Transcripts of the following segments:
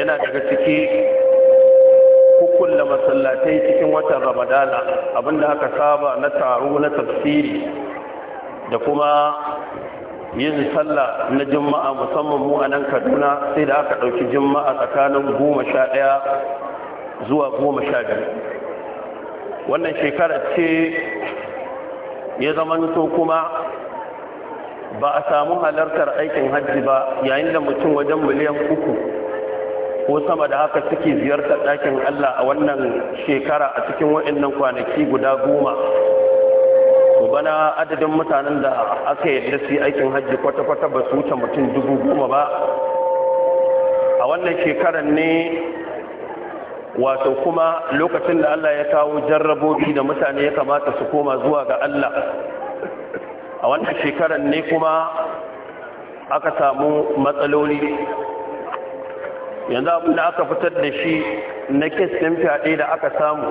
yana daga ciki kukulla masallatai cikin watan ramadana abinda aka saba na taro na tafsiri da kuma yin sallah na juma'a musamman mu a nan kaduna sai da aka ɗauki juma'a tsakanin goma sha ɗaya zuwa goma sha biyu wannan shekara ce ya zamanto kuma ba a samu halartar aikin hajji ba yayin da mutum wajen miliyan uku ko sama da haka suke ziyartar ɗakin Allah a wannan shekara a cikin waɗannan kwanaki guda goma bana adadin mutanen da aka yarda su aikin hajji kwata-kwata ba su wuce mutum dubu goma ba a wannan shekarar ne wato kuma lokacin da Allah ya kawo jarrabobi da mutane ya kamata su koma zuwa ga Allah a wannan shekarar ne kuma aka samu matsaloli yanzu abin da aka fitar da shi na kes ɗin fyaɗe da aka samu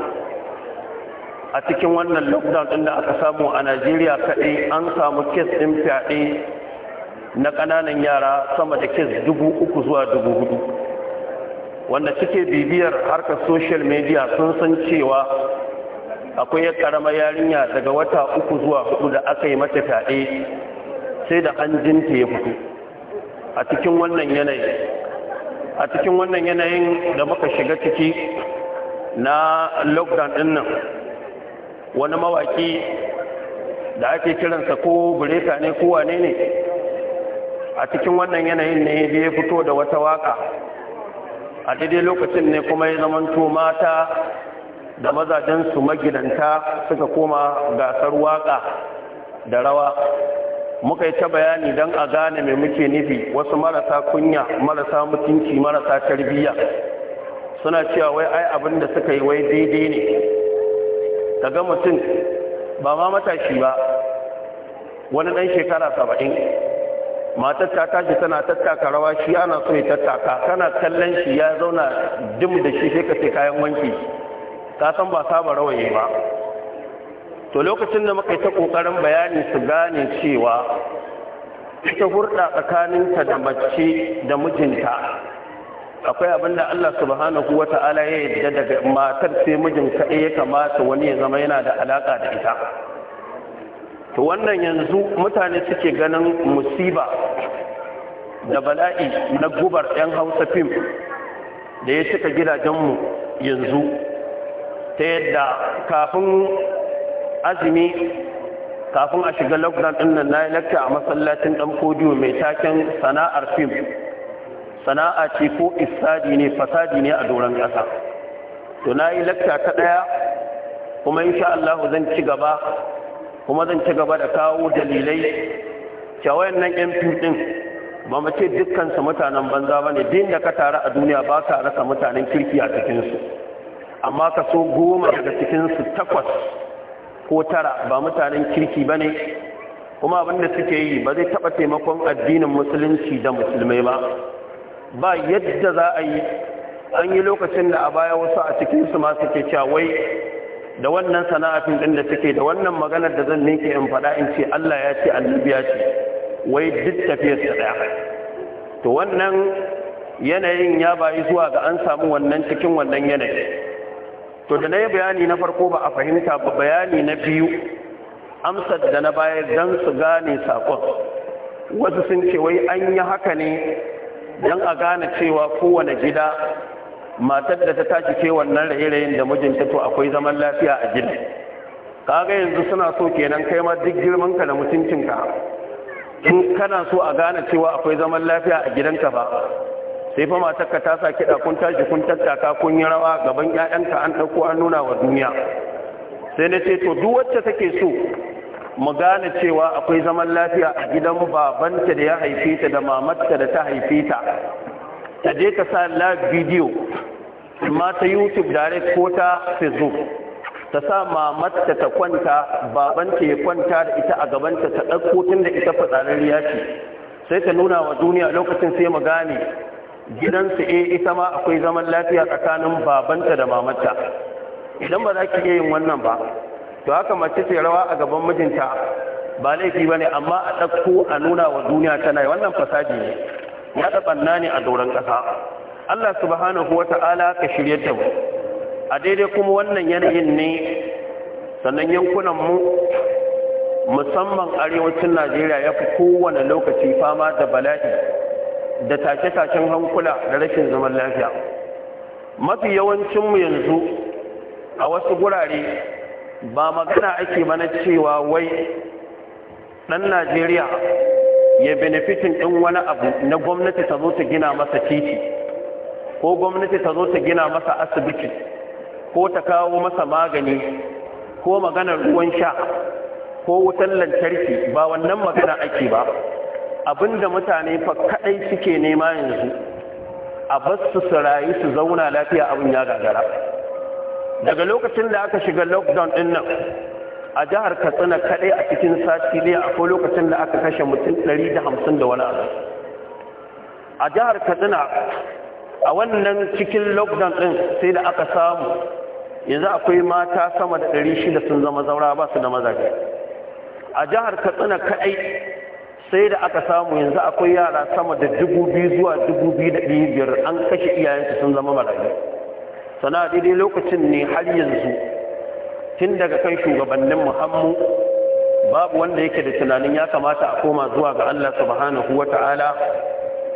a cikin wannan lockdown ɗin da aka samu a najeriya kaɗai an samu kes ɗin fyaɗe na ƙananan yara sama da kes dubu uku zuwa dubu hudu wanda suke bibiyar harkar social media sun san cewa akwai ya ƙarama yarinya daga wata uku zuwa hudu da aka yi mata fyaɗe sai da an jinta ya fito a cikin wannan yanayi a cikin wannan yanayin da muka shiga ciki na lockdown din nan wani mawaki da ake kiransa ko bureta ne ko wane ne a cikin wannan yanayin ne da ya fito da wata waka a daidai lokacin ne kuma ya zamanto mata da mazajen su magidanta suka koma gasar waka da rawa muka yi ta bayani don a gane mai muke nufi wasu marasa kunya marasa mutunci marasa tarbiyya suna cewa wai ai abin da suka yi wai daidai ne daga mutum ba ma matashi ba wani ɗan shekara saba'in matar ta tashi tana tattaka rawa shi ana so ya tattaka kana kallon shi ya zauna dim da shi sai ka ce kayan wanki ka san ba saba rawaye ba to lokacin da muka yi ta ƙoƙarin bayani su gane cewa ita hurɗa tsakaninta da mace da mijinta akwai abin da Allah subhanahu wa ta'ala ya yadda daga matar sai mijin kaɗai ya kamata wani ya zama yana da alaƙa da ita to wannan yanzu mutane suke ganin musiba da bala'i na gubar 'yan hausa fim da ya cika gidajenmu yanzu ta yadda kafin azumi kafin a shiga lockdown din nan na yi a masallacin ɗan kodiyo mai taken sana'ar fim sana'a ce ko isadi ne fasadi ne a doron ƙasa to na yi lakta ta ɗaya kuma insha Allah zan ci gaba kuma zan ci gaba da kawo dalilai cewa nan fim ɗin ba mu ce dukkansu mutanen banza ba ne din da ka tara a duniya ba ka rasa mutanen kirki a cikinsu amma kaso goma daga cikinsu takwas ko tara ba mutanen kirki ba ne kuma abinda suke yi ba zai taɓa taimakon addinin musulunci da musulmai ba ba yadda za a yi an yi lokacin da a baya wasu a cikinsu ma suke cewa da wannan sana'afin ɗin da suke da wannan maganar da zan ninke in faɗa in ce Allah ya ce annabi ya ce wai duk tafiyarsa ɗaya to wannan yanayin ya bayi zuwa ga an samu wannan cikin wannan yanayi to da na yi bayani na farko ba a fahimta ba bayani na biyu amsar da na bayar don su gane saƙon wasu sun ce wai an yi haka ne don a gane cewa kowane gida matar da ta tashi ce wannan raye-rayen da mijinta to akwai zaman lafiya a gida kaga yanzu suna so kenan kai ma duk girman ka da mutuncinka in kana so a gane cewa akwai zaman lafiya a gidanka ba sai fa matarka ta sa kiɗa kun tashi kun tattaka kun yi rawa gaban 'ya'yanka an ɗauko an nuna wa duniya sai na ce to duk wacce take so mu gane cewa akwai zaman lafiya a gidan babanta da ya haife ta da mamarta da ta haife ta ta je ka sa live video amma ta youtube direct ko ta facebook ta sa mamarta ta kwanta babanta ya kwanta da ita a gabanta ta ɗauko tun da ita fitsararriya ce sai ta nuna wa duniya lokacin sai mu gane gidansu eh ita ma akwai zaman lafiya tsakanin babanta da mamanta idan ba za ki iya yin wannan ba to haka mace ce rawa a gaban mijinta ba laifi ba ne amma a ɗauko a nuna wa duniya tana wannan fasadi ne ya ɗaɓanna ne a doron ƙasa Allah subhanahu wa ta'ala ka shirya ta mu a daidai kuma wannan yanayin ne sannan yankunan mu musamman arewacin Najeriya ya fi kowane lokaci fama da bala'i da tashe-tashen hankula da rashin zaman lafiya mafi yawancinmu yanzu a wasu gurare ba magana ake mana cewa wai ɗan najeriya ya benefitin ɗin wani abu na gwamnati ta zo ta gina masa titi ko gwamnati ta zo ta gina masa asibiti ko ta kawo masa magani ko maganar ruwan sha ko wutan lantarki ba wannan magana ake ba abinda mutane fa kadai suke nema yanzu a basu su rayu su zauna lafiya abin ya gagara daga lokacin da aka shiga lockdown din nan a jihar katsina kadai a cikin sati ne akwai lokacin da aka kashe mutum 150 da wani abu a jihar katsina a wannan cikin lockdown din sai da aka samu yanzu akwai mata sama da 600 sun zama zaura ba su da mazaje a jihar katsina kaɗai. sai da aka samu yanzu akwai yara sama da dubu biyu zuwa dubu biyu da ɗin biyar an kashe iyayensu sun zama marayu sana daidai lokacin ne har yanzu tun daga kan shugabannin muhammu babu wanda yake da tunanin ya kamata a koma zuwa ga allah subhanahu wa ta'ala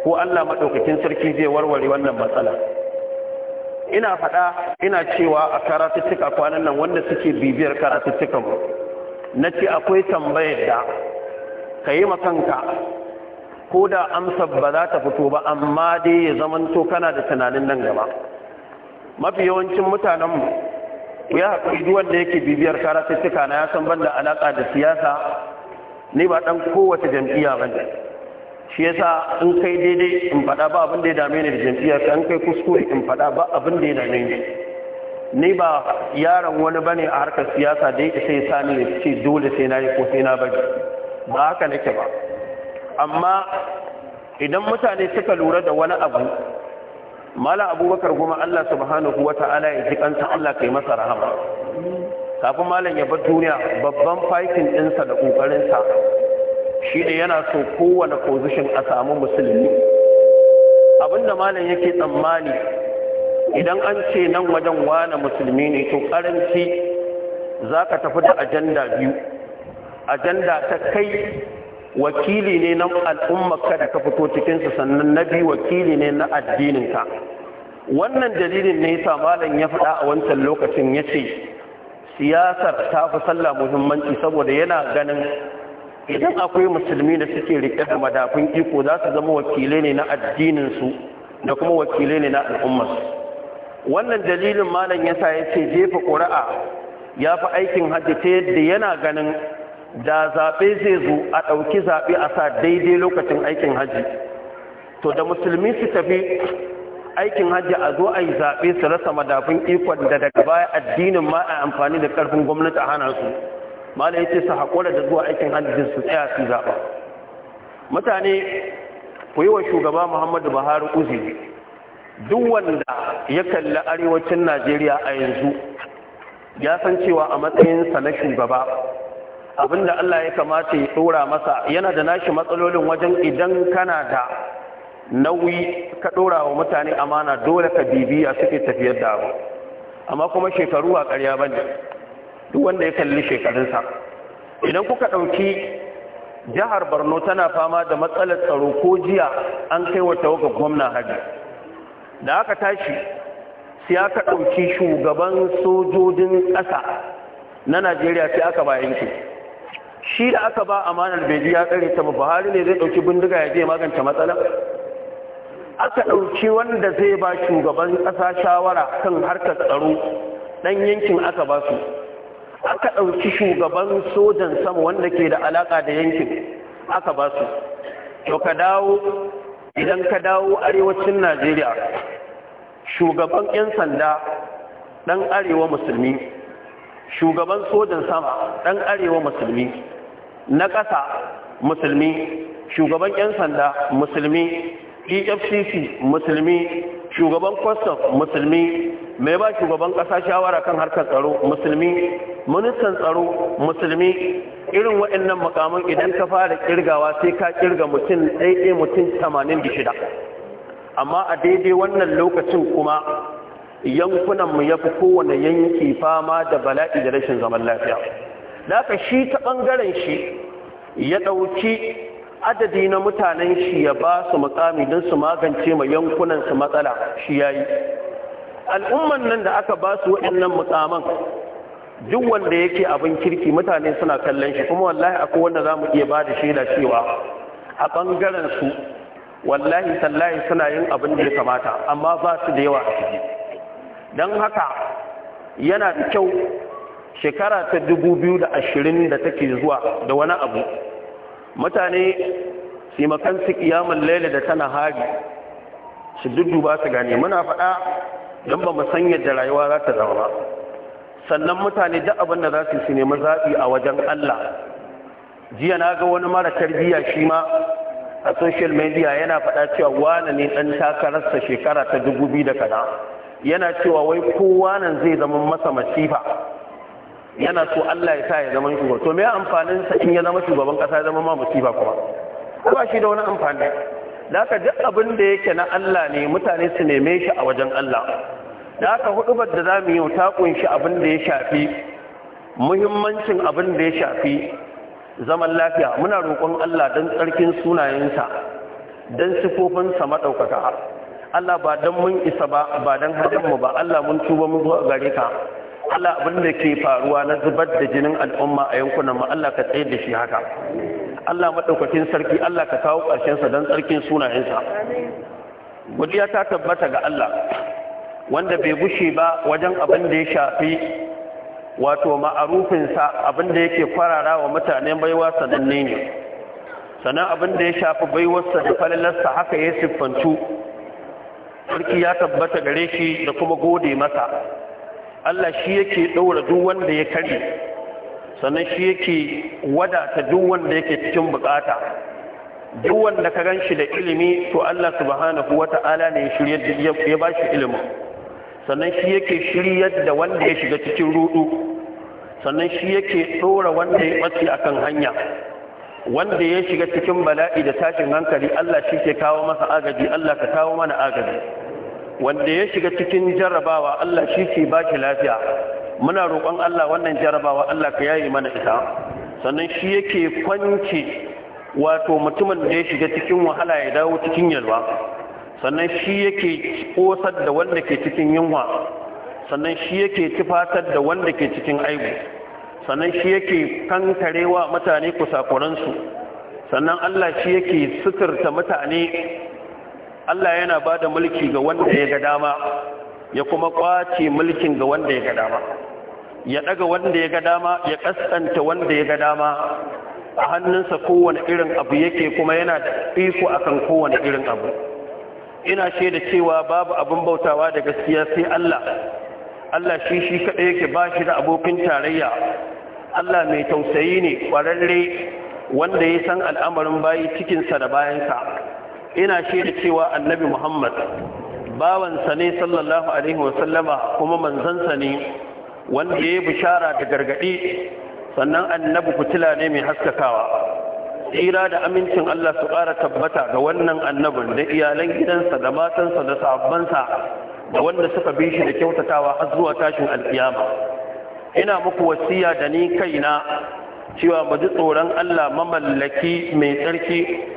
ko allah maɗaukakin sarki zai warware wannan matsala ina faɗa ina cewa a karatuttuka kwanan nan wanda suke bibiyar karatuttukan na ce akwai tambayar da ka yi makanka ko da amsa ba za ta fito ba amma dai ya zamanto kana da tunanin nan gaba mafi yawancin mutanenmu ya haƙi duwan da yake bibiyar cika na ya san banda alaƙa da siyasa ni ba ɗan kowace jam'iyya ba ne shi ya sa in kai daidai in faɗa ba abin da ya dame ni da jam'iyyar ka in kai kuskure in faɗa ba abin da ya dame ni ni ba yaron wani ba ne a harkar siyasa da ya sai sani ya ce dole sai na yi ko sai na bari ba haka nake ba amma idan mutane suka lura da wani abu mala abubakar kuma Allah subhanahu wa ta'ala ya ji kansa Allah kai masa rahama kafin malam ya bar duniya babban fighting ɗinsa da ƙoƙarinsa shi ne yana so kowane position a samu musulmi abinda malam yake tsammani idan an ce nan wajen wane musulmi ne to ƙaranci za ka tafi da ajanda biyu ajanda ta kai wakili ne na al'ummarka da ka fito cikinsu sannan na biyu wakili ne na addininka wannan dalilin ne yasa malam ya faɗa a wancan lokacin ya ce siyasar ta fi sallah muhimmanci saboda yana ganin idan akwai musulmi da suke riƙe da madafin iko za su zama wakilai ne na addininsu da kuma wakilai ne na al'ummarsu wannan dalilin malam yasa ya ce jefa ƙuri'a ya fi aikin hajji ta yadda yana ganin da zaɓe zai zo a ɗauki zaɓe a sa daidai lokacin aikin hajji to da musulmi su tafi aikin hajji a zo a yi zaɓe su rasa madafin ikon da daga baya addinin ma a amfani da ƙarfin gwamnati a hana su ma ya ce su haƙura da zuwa aikin hajji su tsaya su zaɓa mutane ku yi wa shugaba muhammadu buhari uzi duk wanda ya kalli arewacin najeriya a yanzu ya san cewa a matsayinsa na shugaba Abin da Allah ya kamata ya tsora masa yana da nashi matsalolin wajen idan kana da nauyi ka dora wa mutane amana dole ka bibiya suke tafiyar da abu amma kuma shekaru a ƙarya bane duk wanda ya kalli shekarunsa idan kuka ɗauki jihar Borno tana fama da matsalar tsaro ko jiya an kai wa tawaga gwamna hajji da aka tashi sai aka ɗauki shugaban sojojin ƙasa na Najeriya sai aka bayan ki shi da aka ba amanar bai ya tsare ta buhari ne zai ɗauki bindiga ya je magance matsala aka ɗauki wanda zai ba shugaban ƙasa shawara kan harkar tsaro ɗan yankin aka ba su aka ɗauki shugaban sojan sama wanda ke da alaka da yankin aka ba su to ka dawo idan ka dawo arewacin najeriya shugaban 'yan sanda dan arewa musulmi shugaban sojan sama ɗan arewa musulmi na ƙasa musulmi shugaban 'yan sanda musulmi efcc musulmi shugaban kwastam musulmi mai ba shugaban ƙasa shawara kan harkar tsaro musulmi ministan tsaro musulmi irin waɗannan makaman idan ka fara ƙirgawa sai ka ƙirga mutum ɗaiɗe mutum tamanin shida, amma a daidai wannan lokacin kuma yankunanmu ya fi kowane yanki fama da bala'i da rashin zaman lafiya da shi ta ɓangaren shi ya ɗauki adadi na mutanen shi ya ba su makami don su magance ma yankunan su matsala shi ya yi al'umman nan da aka ba su waɗannan mukaman duk wanda yake abin kirki mutane suna kallon shi kuma wallahi akwai wanda za mu iya ba da shaida cewa a ɓangaren su wallahi tallahi suna yin abin da ya kamata amma ba su da yawa a ciki don haka yana da kyau shekara ta dubu biyu da ashirin da take zuwa da wani abu mutane simakan su kiyamun laila da tana hari su dudduba su gane muna faɗa don ba mu sanya da rayuwa za ta zama ba sannan mutane duk abin da za su su nemi zaɓi a wajen Allah jiya na ga wani mara tarbiyya shi ma a social media yana faɗa cewa wane ne ɗan takararsa shekara ta dubu biyu da kada yana cewa wai kowa nan zai zama masa masifa yana so Allah ya sa ya zama shugaba to me amfanin sa in ya zama shugaban kasa ya zama ma musiba kuma ba shi da wani amfani da haka duk abin da yake na Allah ne mutane su neme shi a wajen Allah da haka bar da za mu yi ta kunshi abin da ya shafi muhimmancin abin da ya shafi zaman lafiya muna roƙon Allah don tsarkin sunayensa don sa maɗaukaka Allah ba don mun isa ba ba don mu ba Allah mun tuba mu zuwa gare ka Allah abin da ke faruwa na zubar da jinin al'umma a yankunan mu Allah ka tsaye da shi haka Allah madaukakin sarki Allah ka kawo ƙarshen sa dan tsarkin sunayensa godiya ta tabbata ga Allah wanda bai gushe ba wajen abin da ya shafi wato ma'arufinsa, sa abin da yake farara wa mutane baiwa sananne ne sannan abin da ya shafi baiwarsa da falalarsa haka ya siffantu sarki ya tabbata gare shi da kuma gode masa Allah shi yake ɗaura duk wanda ya kare sannan shi yake wadata duk wanda yake cikin bukata duk wanda ka gan shi da ilimi to Allah subhanahu ta'ala ne ya ba shi ilimin sannan shi yake shirya da wanda ya shiga cikin rudu sannan shi yake ɗora wanda ya ɓace akan hanya wanda ya shiga cikin bala'i da tashin hankali Allah shi ke kawo masa agaji Allah ka kawo mana agaji wanda ya shiga cikin jarrabawa Allah shi ce ba shi lafiya muna roƙon Allah wannan jarrabawa Allah ka yayi mana ita sannan shi yake kwance wato mutumin da ya shiga cikin wahala ya dawo cikin yalwa sannan shi yake kosar da wanda ke cikin yunwa sannan shi yake tufatar da wanda ke cikin aibu sannan shi yake kankarewa mutane kusakuransu sannan Allah shi yake suturta mutane Allah yana ba da mulki ga wanda ya ga dama ya kuma kwace mulkin ga wanda ya ga dama ya daga wanda ya ga dama ya kaskanta wanda ya ga dama a hannunsa kowane irin abu yake kuma yana da iko akan kowane irin abu ina shaida cewa babu abin bautawa da gaskiya sai Allah Allah shi shi kaɗai yake ba shi da abokin tarayya Allah mai tausayi ne ƙwararre wanda ya san al'amarin bayi cikinsa da bayansa ina shaida cewa annabi muhammad bawansa ne sallallahu alaihi wasallama kuma manzansa ne wanda ya yi bishara da gargaɗi sannan annabi fitila ne mai haskakawa tsira da amincin Allah su ƙara tabbata ga wannan annabin da iyalan gidansa da matansa da sabbansa da wanda suka bi shi da kyautatawa har zuwa tashin alkiyama ina muku wasiya da ni kaina cewa mu ji tsoron Allah mamallaki mai tsarki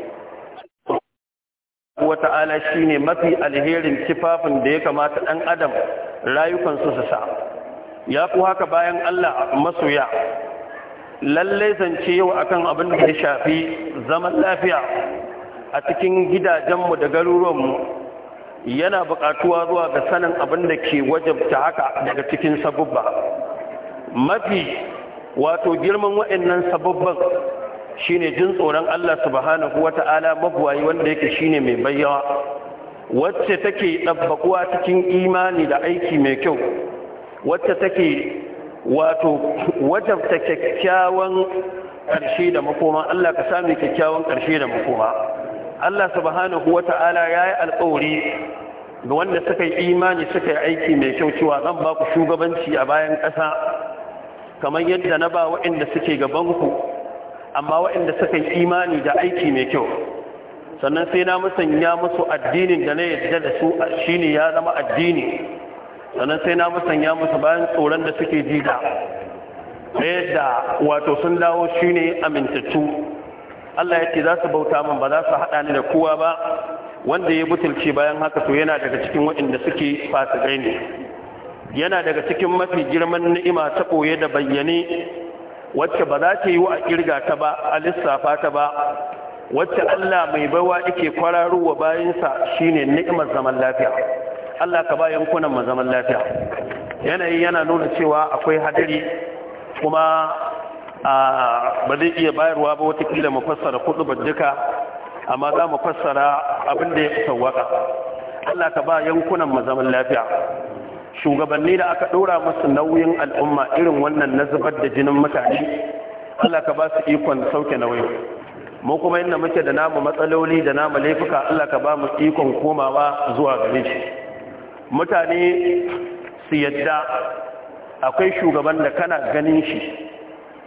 wa ta'ala ne mafi alherin tifafin da ya kamata ɗan adam rayukansu su sa ya ku haka bayan Allah masoya lallai zance yau akan abin da ya shafi zaman lafiya a cikin gidajenmu da garuruwanmu yana buƙatuwa zuwa ga sanin abin da ke wajabta haka daga cikin sabubba mafi wato girman waɗannan sabubban shine jin tsoron Allah subhanahu wata'ala mabuwayi wanda yake shine mai bayyawa wacce take ɗabbaƙuwa cikin imani da aiki mai kyau wacce take wato wajabta kyakkyawan ƙarshe da makoma Allah ka sami kyakkyawan ƙarshe da makoma Allah subhanahu wata'ala ya yi alƙawari ga wanda suka yi imani suka yi aiki mai kyau cewa zan ba ku shugabanci a bayan ƙasa kamar yadda na ba waɗanda suke gaban ku. amma waɗanda suka yi imani da aiki mai kyau sannan sai na musanya musu addinin da na yadda da su shine ya zama addini sannan sai na musanya musu bayan tsoron da suke ji da yadda wato sun dawo shi ne amintattu Allah ya ce za su bauta min ba za su haɗa ni da kowa ba wanda ya butulci bayan haka to yana daga cikin waɗanda suke fasikai ne yana daga cikin mafi girman ni'ima ta ɓoye da bayyane wacce ba za ta yi wa a kirga ta ba a lissafa ta ba wacce Allah mai baiwa yake kwararowa bayansa shine ni'imar zaman lafiya Allah ka ba yankunan mu zaman lafiya yanayi yana nuna cewa akwai hadari kuma ba zai iya bayarwa ba wata kila mu fassara kudu ba duka amma za mu fassara abin da ya sawaka Allah ka ba yankunan mu zaman lafiya shugabanni da aka ɗora musu nauyin al'umma irin wannan na zubar da jinin mutane Allah ka ba su ikon sauke nauyin mu kuma inda muke da namu matsaloli da namu laifuka Allah ka ba mu ikon komawa zuwa gare shi mutane su yadda akwai shugaban da kana ganin shi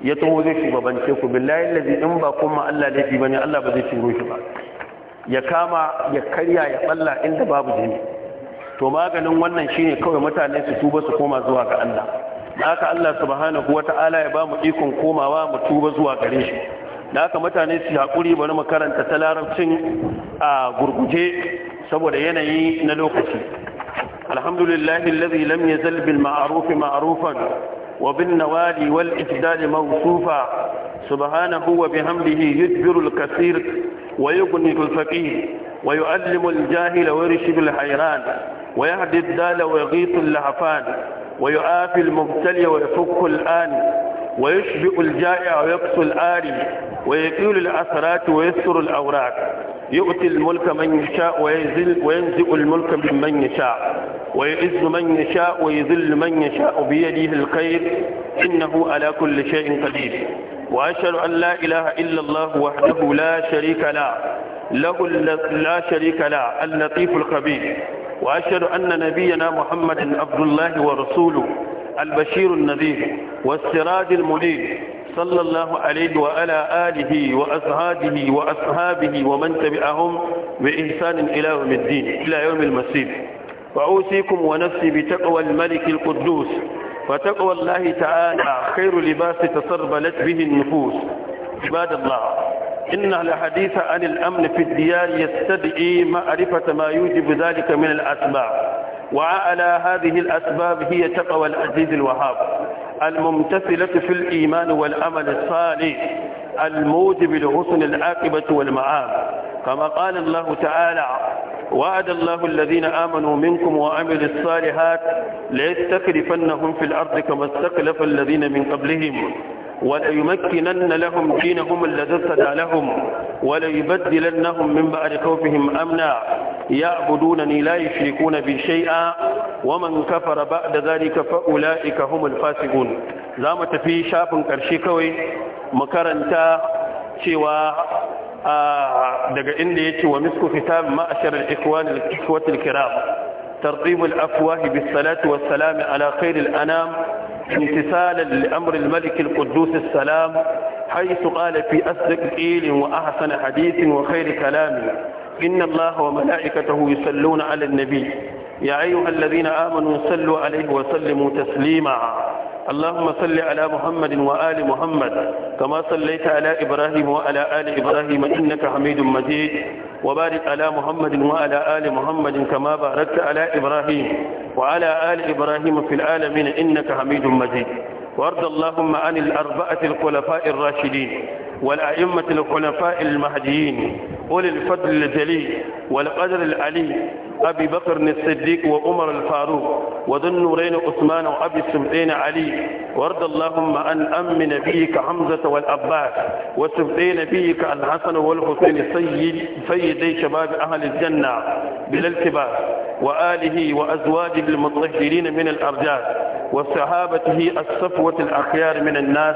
ya taho zai shugabance ku billahi allazi in ba kuma Allah laifi bane Allah ba zai turo shi ba ya kama ya karya ya balla inda babu jini to maganin wannan shine kawai mutane su tuba su koma zuwa ga Allah haka Allah subhanahu wata'ala ya ba mu ikon komawa mu tuba zuwa gare shi da haka mutane su haƙuri bari mu karanta ta larabcin a gurguje saboda yanayi na lokaci alhamdulillahi alladhi lam yazal bil ma'ruf ma'rufan wa bin nawali wal ijdal mawsufa subhanahu wa bihamdihi yudbiru al kaseer wa yughni al jahila ويؤلم الجاهل ويرشد الحيران ويهدي الدال ويغيث اللهفان ويعافي المبتلي ويفك الآن ويشبئ الجائع ويكسو الآري ويقيل الأثرات ويسر الأوراق يؤتي الملك من يشاء ويزل وينزئ الملك ممن يشاء ويعز من يشاء ويذل من يشاء بيده الخير إنه على كل شيء قدير وأشهد أن لا إله إلا الله وحده لا شريك له له لا شريك له اللطيف الخبير وأشهد أن نبينا محمد عبد الله ورسوله البشير النذير والسراج المنير صلى الله عليه وعلى آله وأصحابه وأصحابه ومن تبعهم بإحسان إلى يوم الدين إلى يوم المسيح وأوصيكم ونفسي بتقوى الملك القدوس وتقوى الله تعالى خير لباس تصربلت به النفوس عباد الله إن الحديث عن الأمن في الديار يستدعي معرفة ما يوجب ذلك من الأسباب وعلى هذه الأسباب هي تقوى العزيز الوهاب الممتثلة في الإيمان والعمل الصالح الموجب لحسن العاقبة والمعاب كما قال الله تعالى وعد الله الذين آمنوا منكم وعملوا الصالحات ليستخلفنهم في الأرض كما استخلف الذين من قبلهم وليمكنن لهم دينهم الذي ارتدى لهم وليبدلنهم من بعد خوفهم أمنا يعبدونني لا يشركون بي شيئا ومن كفر بعد ذلك فأولئك هم الفاسقون زامة في شاف كرشيكوي مكرنتا شوى daga inda yake wa misku fitab ma'ashar al-ikhwan al-ikhwat al-kiram tartib al-afwah bis salati was salam ala khair al-anam امتثالا لأمر الملك القدوس السلام حيث قال في أصدق قيل وأحسن حديث وخير كلام إن الله وملائكته يصلون على النبي يا أيها الذين آمنوا صلوا عليه وسلموا تسليما اللهم صل على محمد وآل محمد كما صليت على إبراهيم وعلى آل إبراهيم إنك حميد مجيد وبارك على محمد وعلى آل محمد كما باركت على إبراهيم وعلى آل إبراهيم في العالمين إنك حميد مجيد وارض اللهم عن الأربعة الخلفاء الراشدين والأئمة الخلفاء المهديين وللفضل الجليل والقدر العلي أبي بكر الصديق وعمر الفاروق وذو النورين عثمان وأبي السبعين علي وارض اللهم أن أمن نبيك حمزة والأباس وسبعين نبيك الحسن والحسين سيد سيدي شباب أهل الجنة بلا وآله وأزواجه المطهرين من الأرجاس وصحابته الصفوة الأخيار من الناس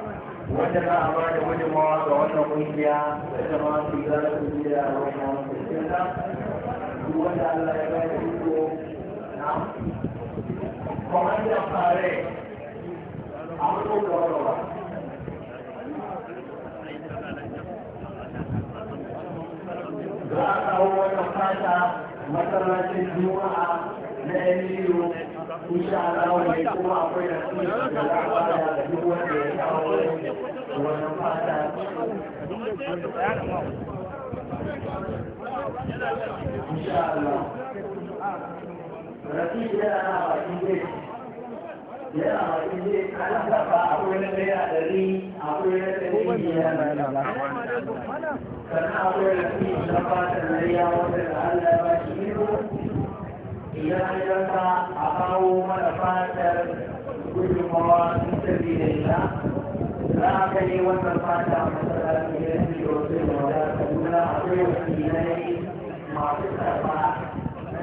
wanda za a ba da gudunmawa ga wannan kungiya da ma su za su yi wannan kungiya duk wanda Allah ya bayar iko na kwamandan fare a mutum da wadawa za a kawo wannan fata masallacin juma'a na yanzu insha Allah wanda kuma akwai da su da za a Rafi yana bakin zai, yana bakin zai, an da yanka a kawo mana fatar gudunmawa da فأعتني والمفعل ومسألة التي يوصل ولا تدل عظيم الدينين معصية أربعة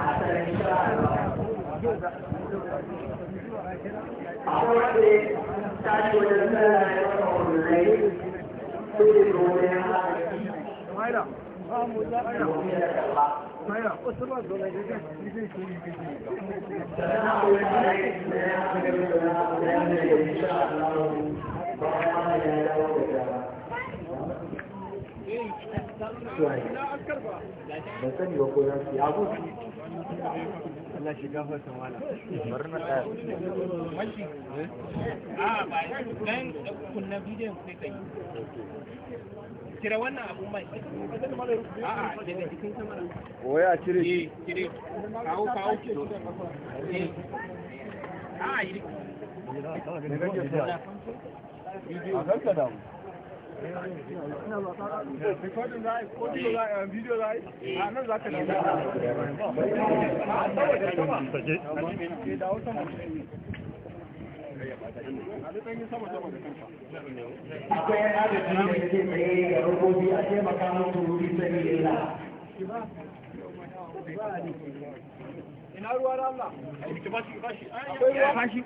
حسن الشرع أربعة أقول ربي تعالوا للمال يرفع الليل كل يومها الله da sani ba ko zan siya abu Allah shi gafa samala bari na tsaya mashi a ba dan kunna bidiyon sai kai kira wannan abun mai a a daga cikin kamera waya cire eh cire kawo kawo a yi ne akwai yana da tunanin ke tsaye ga rubobi a taimaka mutu wuri sani lila ina ruwa da Allah akwai ruwa fashi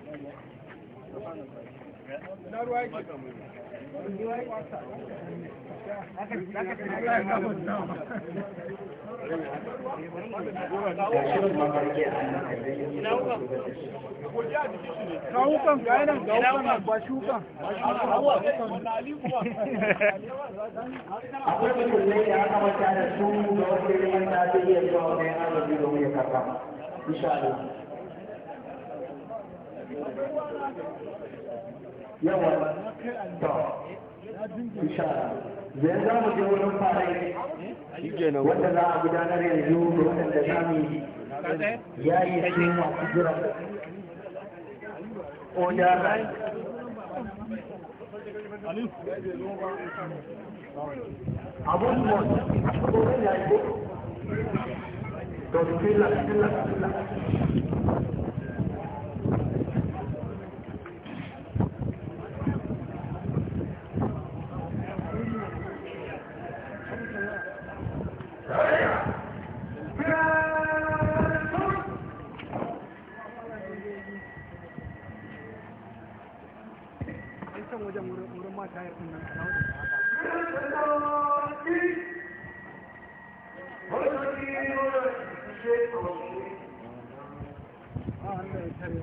kawukan gayanan gawukan ba shukan yawa zai za mu je wurin farai wanda za a gudanar yanzu da waɗanda za mu yayi su masu jira ya rai abun mot abun yayi to fila, fila, fila. can wajen wurin mata ya kunna kamar da haka. Ah, Allah ya tare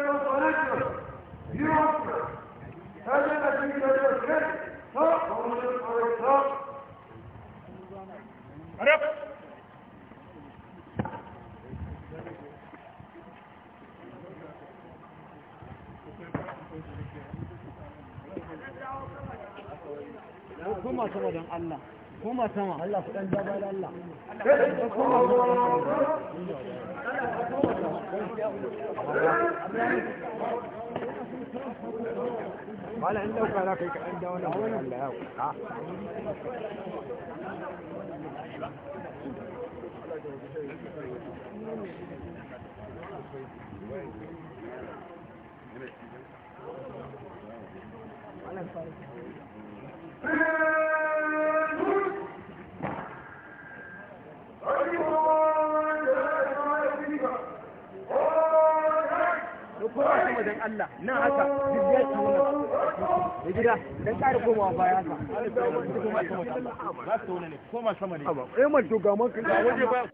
rab kuma sama don Allah kuma sama Allah Allah Allah wala in dauka za عنده ولا kaɗan da هو Thank you. wajen Allah na haka duk yi wannan ya gida don ƙara komawa baya haka koma sama ne koma sama ne eh to ga man